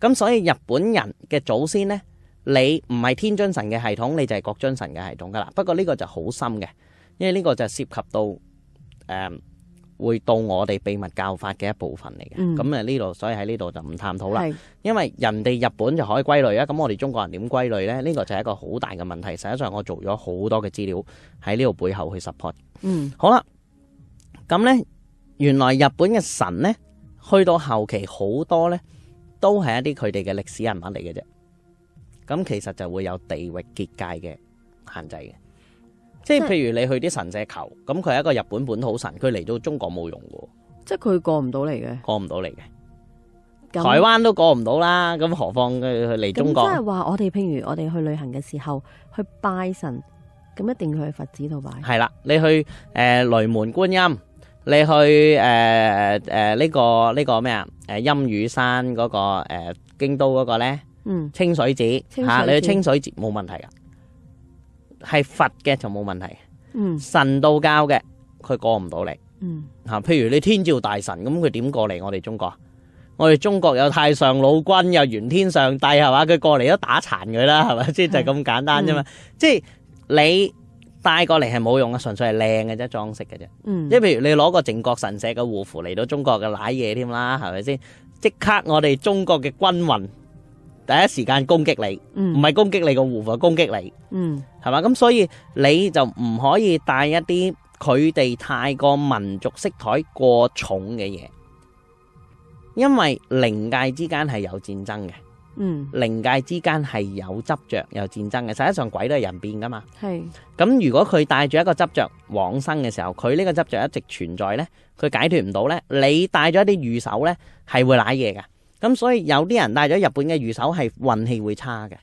S1: 咁所以日本人嘅祖先呢，你唔係天津神嘅系統，你就係國津神嘅系統噶啦。不過呢個就好深嘅，因為呢個就涉及到誒。會到我哋秘密教法嘅一部分嚟嘅，咁啊，呢度，所以喺呢度就唔探討啦。係，因為人哋日本就可以歸類啊，咁我哋中國人點歸類呢？呢個就係一個好大嘅問題。實際上我做咗好多嘅資料喺呢度背後去 support。嗯，好啦，咁呢原來日本嘅神呢去到後期好多呢都係一啲佢哋嘅歷史人物嚟嘅啫，咁其實就會有地域結界嘅限制嘅。即係譬如你去啲神社求，咁佢係一個日本本土神，佢嚟到中國冇用噶。即係佢過唔到嚟嘅。過唔到嚟嘅，台灣都過唔到啦，咁何況佢去嚟中國。咁即係話
S2: 我哋譬如我哋去旅行嘅時候去拜神，咁一定要去佛寺度拜。
S1: 係啦，你去誒雷門觀音，你去誒誒呢個呢個咩啊？誒音羽山嗰個誒京都嗰個咧，清水寺吓，你去清水寺冇問題噶。係佛嘅就冇問題。嗯，神道教嘅佢過唔到嚟，吓、嗯，譬如你天照大神咁，佢點過嚟我哋中國？我哋中國有太上老君，有玄天上帝，係嘛？佢過嚟都打殘佢啦，係咪先？就係咁簡單啫嘛。嗯，即係你帶過嚟係冇用嘅，純粹係靚嘅啫，裝飾嘅啫。即、嗯、係譬如你攞個靖國神社嘅護符嚟到中國嘅，瀨嘢添啦，係咪先？即刻我哋中國嘅軍魂。第一時間攻擊你，唔係攻擊你個護符，攻擊你，係嘛？咁所以你就唔可以帶一啲佢哋太過民族色彩過重嘅嘢，因為靈界之間係有戰爭嘅，嗯，靈界之間係有執着有戰爭嘅。實際上鬼都係人變噶嘛，
S3: 係。
S1: 咁如果佢帶住一個執着往生嘅時候，佢呢個執着一直存在呢，佢解脫唔到呢，你帶咗一啲御守呢，係會瀨嘢噶。咁所以有啲人帶咗日本嘅御守係，運氣會差嘅，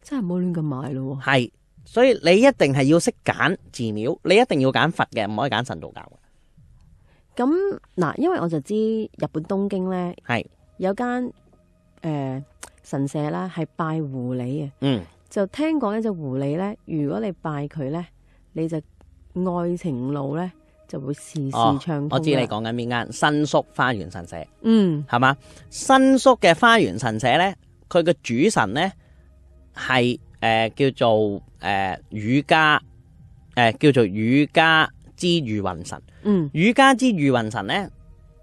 S2: 真係唔好亂咁買咯。
S1: 係，所以你一定係要識揀寺廟，你一定要揀佛嘅，唔可以揀神道教嘅。
S2: 咁，嗱，因為我就知日本東京咧，係有間誒神社啦，係拜狐狸嘅。嗯，就聽講一隻狐狸咧，如果你拜佢咧，你就愛情路咧。就會時時暢通。哦。我知你講
S1: 緊邊間新宿花園神社，嗯，係嘛？新宿嘅花園神社咧，佢嘅主神咧係誒叫做誒宇迦，誒、呃呃、叫做宇迦之御魂神。嗯，宇迦之御魂神咧，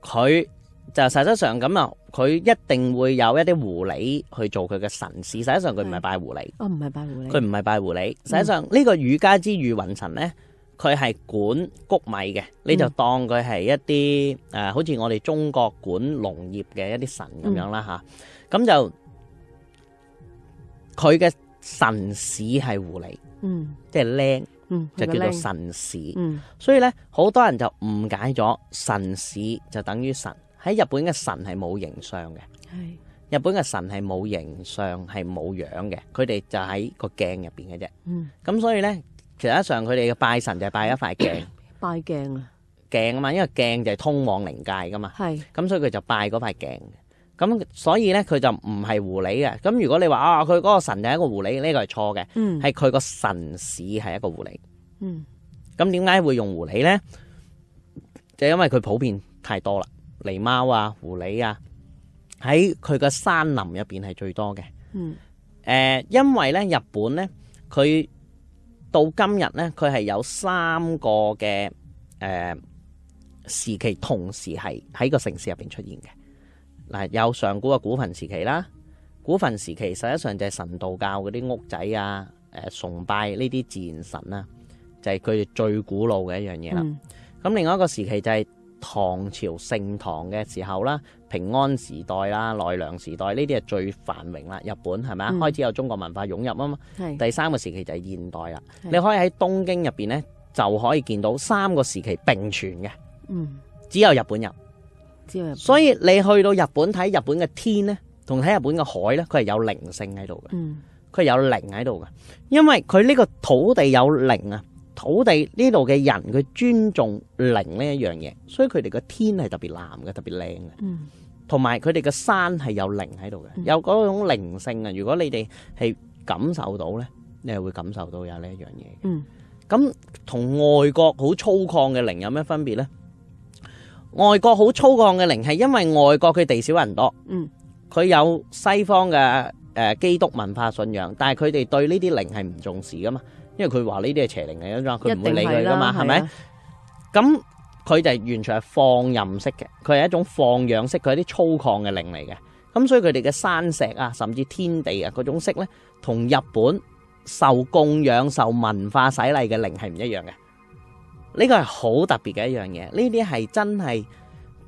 S1: 佢就實質上咁啊，佢一定會有一啲狐狸去做佢嘅神事。實質上佢唔係拜狐狸，哦、
S2: 嗯，唔係拜狐狸，佢
S1: 唔係拜狐狸。嗯、實質上呢個宇迦之御魂神咧。佢係管穀米嘅，你就當佢係一啲誒、嗯呃，好似我哋中國管農業嘅一啲神咁樣啦吓，咁、嗯啊、就佢嘅神使係狐狸，嗯，即係靈，嗯，
S3: 就叫做神
S1: 使。嗯，所以咧，好多人就誤解咗神使就等於神。喺日本嘅神係冇形象嘅，
S3: 係
S1: 日本嘅神係冇形象，係冇樣嘅，佢哋就喺個鏡入邊嘅啫。嗯，咁所以咧。其實上佢哋嘅拜神就係拜一塊鏡，
S2: 拜鏡啊，
S1: 鏡啊嘛，因為鏡就係通往靈界噶嘛，係，咁所以佢就拜嗰塊鏡。咁所以咧，佢就唔係狐狸嘅。咁如果你話啊，佢嗰個神就係一個狐狸，呢個係錯嘅，嗯，係佢個神使係一個狐狸，嗯，咁點解會用狐狸咧？就因為佢普遍太多啦，狸貓啊、狐狸啊，喺佢個山林入邊係最多嘅，
S3: 嗯，
S1: 誒、呃，因為咧，日本咧佢。他到今日咧，佢係有三個嘅誒、呃、時期同時係喺個城市入邊出現嘅。嗱，有上古嘅古墳時期啦，古墳時期實際上就係神道教嗰啲屋仔啊，誒、呃、崇拜呢啲自然神啊，就係佢哋最古老嘅一樣嘢啦。咁另外一個時期就係、是。唐朝盛唐嘅時候啦，平安時代啦，奈良時代呢啲係最繁榮啦。日本係咪、嗯，開始有中國文化湧入啊嘛。第三個時期就係現代啦。你可以喺東京入邊呢，就可以見到三個時期並存嘅。嗯，只有日本有。
S3: 日本有。
S1: 所以你去到日本睇日本嘅天呢，同睇日本嘅海呢，佢係有靈性喺度嘅。嗯，佢係有靈喺度嘅，因為佢呢個土地有靈啊。土地呢度嘅人佢尊重靈呢一樣嘢，所以佢哋嘅天係特別藍嘅，特別靚嘅。嗯，同埋佢哋嘅山係有靈喺度嘅，有嗰種靈性啊。如果你哋係感受到呢，你係會感受到有呢一樣嘢嘅。嗯，咁同外國好粗獷嘅靈有咩分別呢？外國好粗獷嘅靈係因為外國佢地少人多，嗯，佢有西方嘅誒基督文化信仰，但係佢哋對呢啲靈係唔重視㗎嘛。因為佢話呢啲係邪靈嚟，佢唔會理佢噶嘛，係咪？咁佢就完全係放任式嘅，佢係一種放養式，佢係啲粗獷嘅靈嚟嘅。咁所以佢哋嘅山石啊，甚至天地啊，嗰種色呢，同日本受供養、受文化洗禮嘅靈係唔一樣嘅。呢個係好特別嘅一樣嘢。呢啲係真係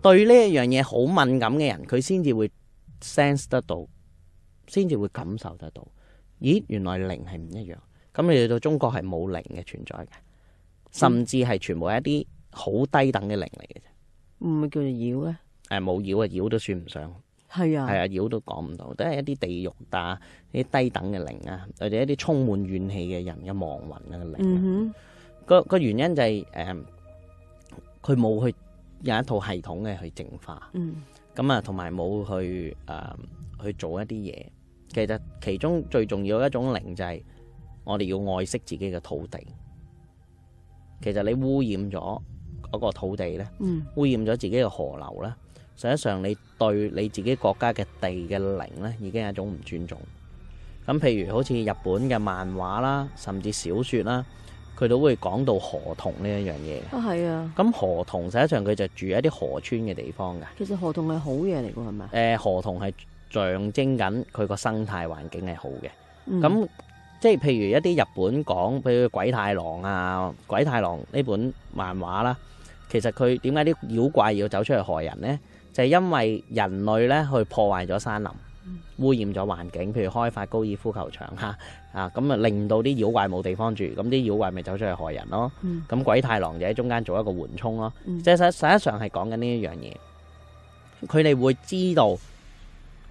S1: 對呢一樣嘢好敏感嘅人，佢先至會 sense 得到，先至會感受得到。咦，原來靈係唔一樣。咁你哋到中國係冇靈嘅存在嘅，甚至係全部係一啲好低等嘅靈嚟嘅
S2: 啫。唔咪叫做妖咧？
S1: 冇、啊、妖，妖啊，啊，妖都算唔上。係啊。啊，妖都講唔到，都係一啲地獄啊，一啲低等嘅靈啊，或者一啲充滿怨氣嘅人嘅亡魂嘅、啊、靈。個、嗯、原因就係佢冇去有一套系統嘅去淨化。嗯。咁啊，同埋冇去去做一啲嘢。其實其中最重要一種靈就係、是。我哋要愛惜自己嘅土地。其實你污染咗嗰個土地咧，嗯，污染咗自己嘅河流咧，實際上你對你自己國家嘅地嘅靈咧，已經係一種唔尊重。咁譬如好似日本嘅漫畫啦，甚至小說啦，佢都會講到河童呢一樣嘢。
S2: 係啊。
S1: 咁、啊、河童實際上佢就住喺啲河村嘅地方噶。
S2: 其實河童係好嘢嚟噶，
S1: 係咪？誒、呃，河童係象徵緊佢個生態環境係好嘅。咁、嗯即係譬如一啲日本講，譬如鬼太郎啊，鬼太郎呢本漫畫啦，其實佢點解啲妖怪要走出去害人呢？就係因為人類呢去破壞咗山林，污染咗環境，譬如開發高爾夫球場吓啊，咁啊令到啲妖怪冇地方住，咁啲妖怪咪走出去害人咯。咁鬼太郎就喺中間做一個緩衝咯，即係實實際上係講緊呢一樣嘢。佢哋會知道，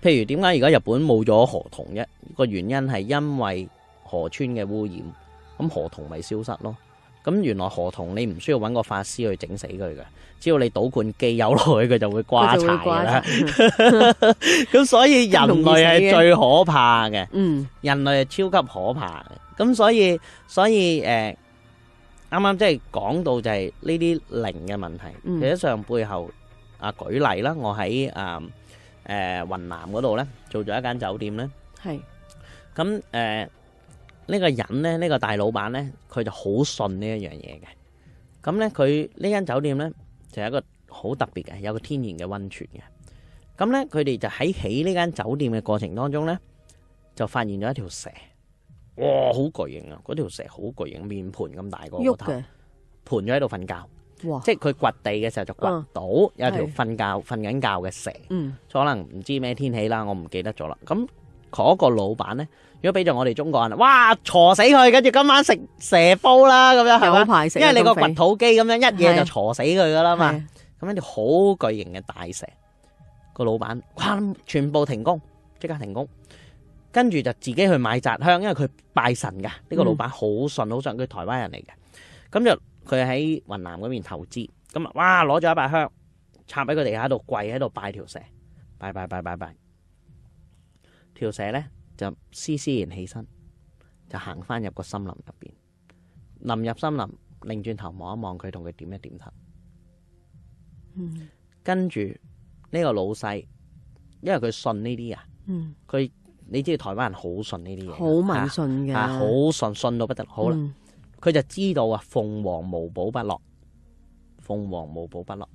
S1: 譬如點解而家日本冇咗河童一個原因係因為。河川嘅污染，咁河童咪消失咯。咁原來河童你唔需要揾個法師去整死佢嘅，只要你倒罐機油落去，佢就會瓜柴啦。咁所以人類係最可怕嘅。嗯，人類係超級可怕嘅。咁所以所以誒，啱啱即係講到就係呢啲靈嘅問題，實際上背後啊舉例啦，我喺啊誒雲南嗰度咧做咗一間酒店咧，係咁誒。呢個人咧，呢個大老闆咧，佢就好信呢一樣嘢嘅。咁咧，佢呢間酒店咧，就有一個好特別嘅，有個天然嘅溫泉嘅。咁咧，佢哋就喺起呢間酒店嘅過程當中咧，就發現咗一條蛇。哇，好巨型啊！嗰條蛇好巨型，面盤咁大個個頭。喐嘅。盤咗喺度瞓覺。即係佢掘地嘅時候就掘到有條瞓覺瞓緊覺嘅蛇。嗯。可能唔知咩天氣啦，我唔記得咗啦。咁。嗰個老闆咧，如果俾咗我哋中國人，哇，鋤死佢，跟住今晚食蛇煲啦，咁樣係冇，因為你個掘土機咁樣一嘢就鋤死佢噶啦嘛。咁樣條好巨型嘅大蛇，個老闆哇，全部停工，即刻停工，跟住就自己去買紮香，因為佢拜神噶。呢個老闆好信，好、嗯、信，佢台灣人嚟嘅。咁就佢喺雲南嗰邊投資，咁啊，哇，攞咗一把香插喺佢地下度跪喺度拜條蛇，拜拜拜拜拜。條蛇咧就斯斯然起身，就行翻入個森林入邊。臨入森林，擰轉頭望一望佢，同佢點一點頭。嗯，跟住呢、這個老細，因為佢信呢啲啊，嗯，佢你知道台灣人好信呢啲嘢，好迷信嘅，好、啊啊、信信到不得。好啦，佢、嗯、就知道啊，鳳凰無寶不落，鳳凰無寶不落。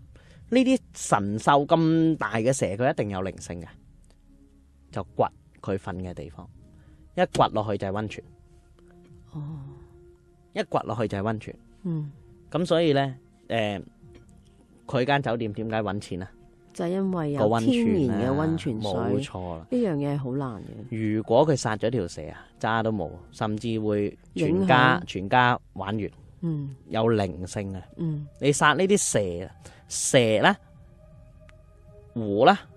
S1: 呢啲神獸咁大嘅蛇，佢一定有靈性嘅，就掘。佢瞓嘅地方，一掘落去就係溫泉。哦，一掘落去就係溫泉。嗯，咁所以咧，誒、呃，佢間酒店點解搵錢啊？
S2: 就是、因為有天然嘅溫泉、啊。嘅溫泉冇錯啦。呢樣
S1: 嘢好難嘅。如果佢殺咗條蛇啊，渣都冇，甚至會全家全家玩完。嗯，有靈性啊。嗯，你殺呢啲蛇，蛇啦、啊，狐啦、啊，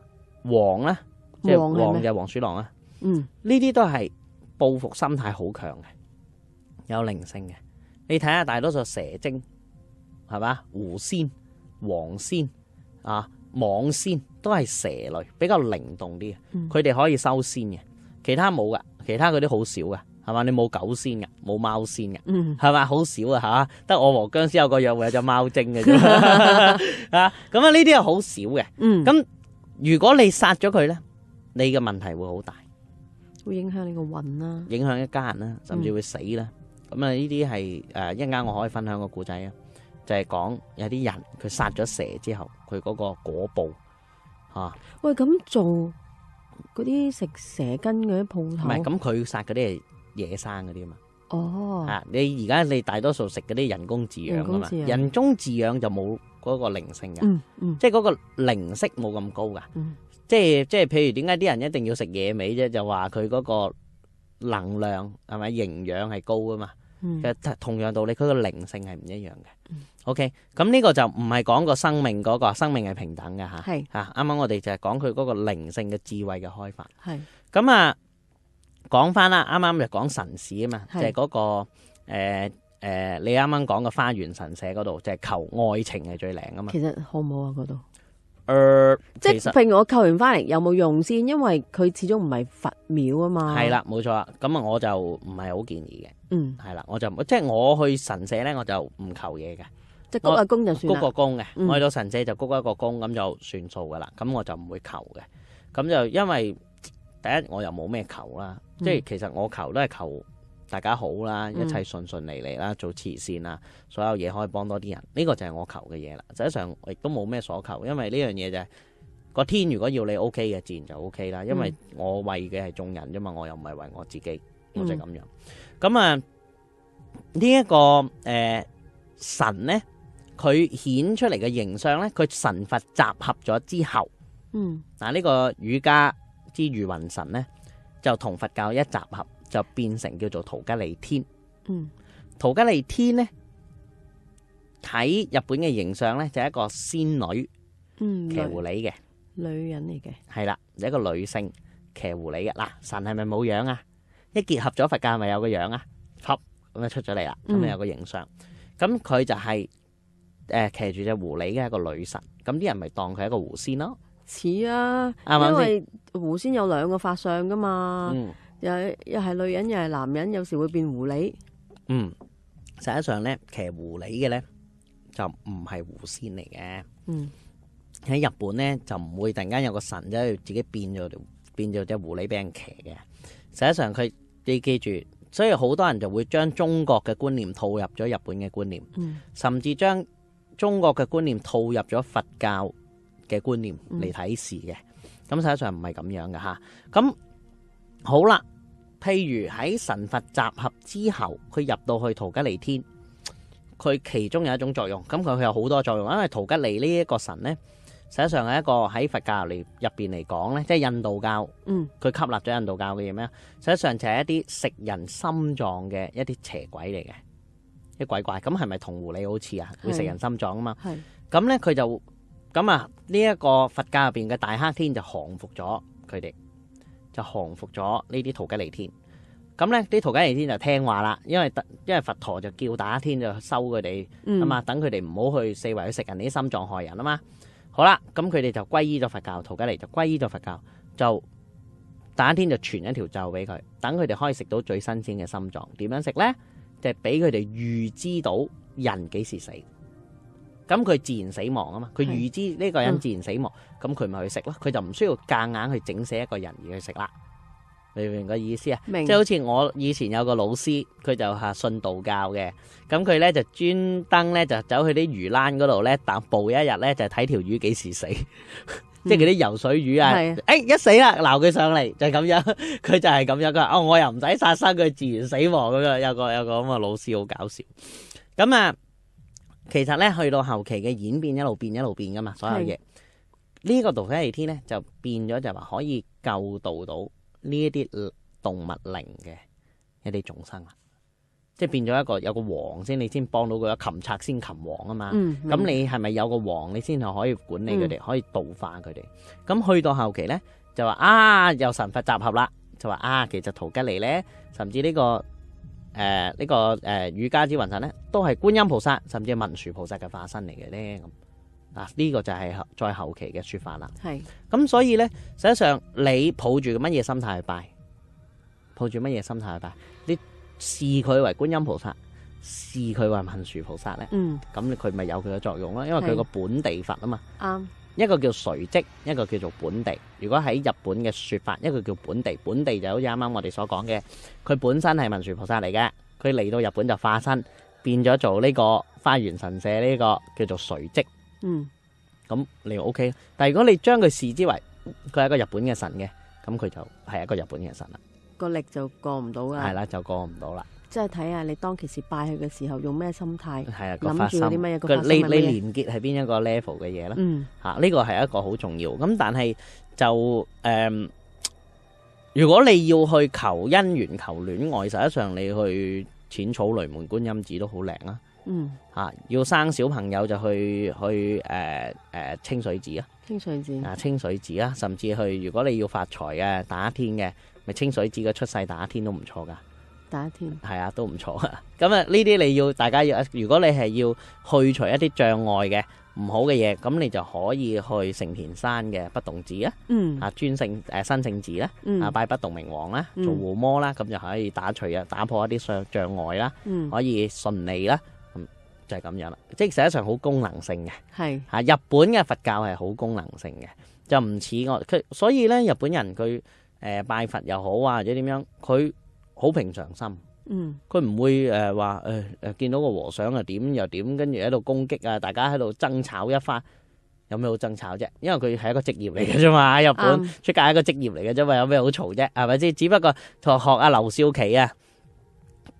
S1: 黃啦、
S3: 啊，即係黃就
S1: 黃鼠狼啊。嗯，呢啲都係報復心態好強嘅，有靈性嘅。你睇下大多數蛇精係嘛？狐仙、黃仙啊、蟒仙都係蛇類，比較靈動啲。佢、嗯、哋可以收仙嘅，其他冇嘅，其他嗰啲好少嘅，係嘛？你冇狗仙嘅，冇貓仙嘅，係、嗯、嘛？好少嘅吓，得我和僵屍有個約會有隻貓精嘅啫，啊！咁 (laughs) 啊，呢啲係好少嘅。嗯，咁如果你殺咗佢咧，你嘅問題會好大。
S2: 會影響你個運啦，
S1: 影響一家人啦，甚至會死啦。咁啊，呢啲係誒，一陣間我可以分享個故仔啊，就係講有啲人佢殺咗蛇之後，佢嗰個果報吓。
S2: 喂，咁做嗰啲食蛇羹嗰啲鋪頭，唔係咁
S1: 佢殺嗰啲係野生嗰啲嘛？
S2: 哦，啊，
S1: 你而家你大多數食嗰啲人工飼養噶嘛？人工飼養就冇嗰個靈性噶，嗯嗯，即係嗰個靈識冇咁高噶，嗯。即係即係，譬如點解啲人一定要食野味啫？就話佢嗰個能量係咪營養係高噶嘛？嗯、同樣道理，佢個靈性係唔一樣嘅、嗯。OK，咁呢個就唔係講個生命嗰、那個，生命係平等嘅吓。係吓，啱、啊、啱我哋就係講佢嗰個靈性嘅智慧嘅開發。係咁啊，講翻啦，啱啱就講神使啊嘛，就係、是、嗰、那個誒誒、呃呃，你啱啱講嘅花園神社嗰度，就係、是、求愛情係最靈啊嘛。其實
S2: 好唔好啊？嗰度？
S1: 誒、呃，即係譬如
S2: 我求完翻嚟有冇用先？因為佢始終唔係佛廟啊嘛。係啦，
S1: 冇錯啦。咁啊、嗯，我就唔係好建議嘅。嗯，係啦，我就即係我去神社咧，我就唔求嘢嘅。
S3: 即係鞠個躬就算。鞠個
S1: 躬嘅、嗯，我去到神社就鞠一個躬，咁就算數噶啦。咁我就唔會求嘅。咁就因為第一我又冇咩求啦，即係其實我求都係求。大家好啦，一切順順利利啦，做慈善啊，所有嘢可以幫多啲人，呢、這個就係我求嘅嘢啦。實際上我亦都冇咩所求，因為呢樣嘢就係、是、個天如果要你 OK 嘅，自然就 OK 啦。因為我為嘅係眾人啫嘛，我又唔係為我自己，我就咁樣。咁、嗯、啊，這個呃、呢一個誒神咧，佢顯出嚟嘅形象咧，佢神佛集合咗之後，嗯，嗱、啊這個、呢個儒家之如雲神咧，就同佛教一集合。就變成叫做陶吉利天。嗯，陶吉利天咧，睇日本嘅形象咧，就係、一個仙女，
S2: 騎、嗯、狐狸嘅女人嚟嘅，
S1: 係啦，一個女性騎狐狸嘅。嗱、啊，神係咪冇樣啊？一結合咗佛教，係咪有個樣啊？好，咁就出咗嚟啦，咁、嗯、你有個形象。咁佢就係誒騎住隻狐狸嘅一個女神。咁啲人咪當佢係一個狐仙咯。似啊，啊因，因為
S2: 狐仙有兩個法相噶嘛。嗯又又係女人，又係男人，有時會變狐狸。
S1: 嗯，實際上咧，騎狐狸嘅咧就唔係狐仙嚟嘅。嗯，喺日本咧就唔會突然間有個神走去自己變咗變咗隻狐狸俾人騎嘅。實際上佢你記住，所以好多人就會將中國嘅觀念套入咗日本嘅觀念，嗯、甚至將中國嘅觀念套入咗佛教嘅觀念嚟睇事嘅。咁、嗯、實際上唔係咁樣嘅吓，咁。好啦，譬如喺神佛集合之後，佢入到去荼吉尼天，佢其中有一種作用。咁佢有好多作用，因為荼吉尼呢一個神呢，實際上係一個喺佛教嚟入邊嚟講呢，即係印度教。嗯，佢、嗯、吸納咗印度教嘅嘢咩啊？實際上就係一啲食人心臟嘅一啲邪鬼嚟嘅，啲鬼怪。咁係咪同狐狸好似啊？會食人心臟啊嘛。係。咁咧佢就咁啊呢一個佛教入邊嘅大黑天就降服咗佢哋。就降服咗呢啲荼吉尼天，咁咧啲荼吉尼天就聽話啦，因為得因為佛陀就叫打天就收佢哋啊嘛，等佢哋唔好去四圍去食人哋啲心臟害人啊嘛。好啦，咁佢哋就皈依咗佛教，荼吉尼就皈依咗佛教，就打天就傳一條咒俾佢，等佢哋可以食到最新鮮嘅心臟。點樣食咧？就係俾佢哋預知到人幾時死。咁佢自然死亡啊嘛，佢預知呢個人自然死亡，咁佢咪去食咯，佢就唔需要夾硬去整死一個人而去食啦，明唔明個意思啊？即係好似我以前有個老師，佢就係信道教嘅，咁佢咧就專登咧就走去啲魚欄嗰度咧但步一日咧就睇條魚幾時死，即係嗰啲游水魚啊，嗯欸、一死啦，撈佢上嚟就係、是、咁樣，佢就係咁樣，佢話哦我又唔使殺生，佢自然死亡嗰個有個有個咁老師好搞笑，咁啊。其實咧，去到後期嘅演變，一路變一路變噶嘛，所有嘢。呢、這個道法利天咧，就變咗就話可以救度到呢一啲動物靈嘅一啲眾生啊。即係變咗一個有個王先，你先幫到佢。擒賊先擒王啊嘛。咁、嗯、你係咪有個王，你先係可以管理佢哋，可以度化佢哋？咁、嗯、去到後期咧，就話啊，有神佛集合啦，就話啊，其實荼吉尼咧，甚至呢、這個。誒、呃，這個呃、瑜伽之呢個誒，儒家之云神咧，都係觀音菩薩，甚至係文殊菩薩嘅化身嚟嘅咧，咁啊，呢個就係再後期嘅說法啦。係，咁所以咧，實際上你抱住乜嘢心態去拜，抱住乜嘢心態去拜，你視佢為觀音菩薩，視佢為文殊菩薩咧，嗯，咁佢咪有佢嘅作用囉，因為佢個本地佛啊嘛。啱。一個叫垂跡，一個叫做本地。如果喺日本嘅說法，一個叫本地，本地就好似啱啱我哋所講嘅，佢本身係文殊菩薩嚟嘅，佢嚟到日本就化身變咗做呢個花園神社呢，呢個叫做垂跡。嗯，咁你 OK。但係如果你將佢視之為佢係一個日本嘅神嘅，咁佢就係一個日本嘅神啦，
S2: 個力就過唔到喇。係啦，
S1: 就過唔到啦。
S2: 即係睇下你當其時拜佢嘅時候用咩心態，諗住啲乜嘢。你你連結係
S1: 邊一個 level 嘅嘢咧？吓、嗯，呢個係一個好重要。咁但係就誒、嗯，如果你要去求姻緣、求戀愛，實際上你去淺草雷門觀音寺都好靚啊。嗯，吓、啊、要生小朋友就去去誒誒清水寺啊。
S2: 清水寺啊，
S1: 清水寺啊，啊，甚至去如果你要發財嘅、啊、打一天嘅，咪清水寺嘅出世大黑天都唔錯噶。打添，係啊，都唔錯啊。咁啊，呢啲你要大家要，如果你係要去除一啲障礙嘅唔好嘅嘢，咁你就可以去成田山嘅不動寺啦、啊嗯,啊專聖誒、呃、新勝寺啦、啊嗯，啊拜不動明王啦、啊，做護摩啦，咁、嗯、就可以打除啊，打破一啲障障礙啦、啊嗯，可以順利啦、啊，就係、是、咁樣啦。即係實際上好功能性嘅，係吓、啊、日本嘅佛教係好功能性嘅，就唔似我佢，所以咧日本人佢誒、呃、拜佛又好啊或者點樣，佢。好平常心，嗯，佢唔會誒話誒誒見到個和尚啊點又點，跟住喺度攻擊啊，大家喺度爭吵一番，有咩好爭吵啫？因為佢係一個職業嚟嘅啫嘛，喺日本出街係一個職業嚟嘅啫，嘛、嗯，有咩好嘈啫？係咪先？只不過同學啊，劉少奇啊，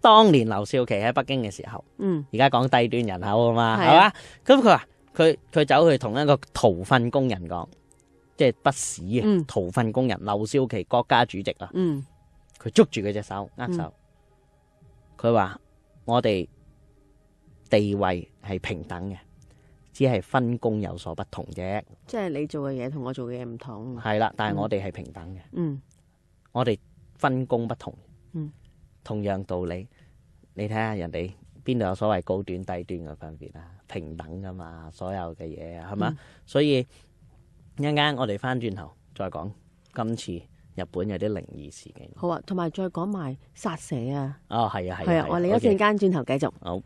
S1: 當年劉少奇喺北京嘅時候，嗯，而家講低端人口啊嘛，係嘛，咁佢話佢佢走去同一個掏糞工人講，即、就、係、是、不屎嘅掏糞工人劉、嗯、少奇國家主席啊，嗯。嗯佢捉住佢隻手握手，佢話：我哋地位係平等嘅，只係分工有所不同啫。
S2: 即係你做嘅嘢同我做嘅嘢唔同。係啦，但係我哋係平
S1: 等嘅。嗯，我哋分工不同。嗯，同樣道理，你睇下人哋邊度有所謂高端低端嘅分別啦？平等噶嘛，所有嘅嘢係咪？所以一陣間我哋翻轉頭再講今次。日本有啲靈異事件。
S2: 好啊，同埋再講埋殺蛇啊。
S1: 哦，係啊，係啊，係啊，啊，我哋一陣間轉頭繼續。Okay. 好。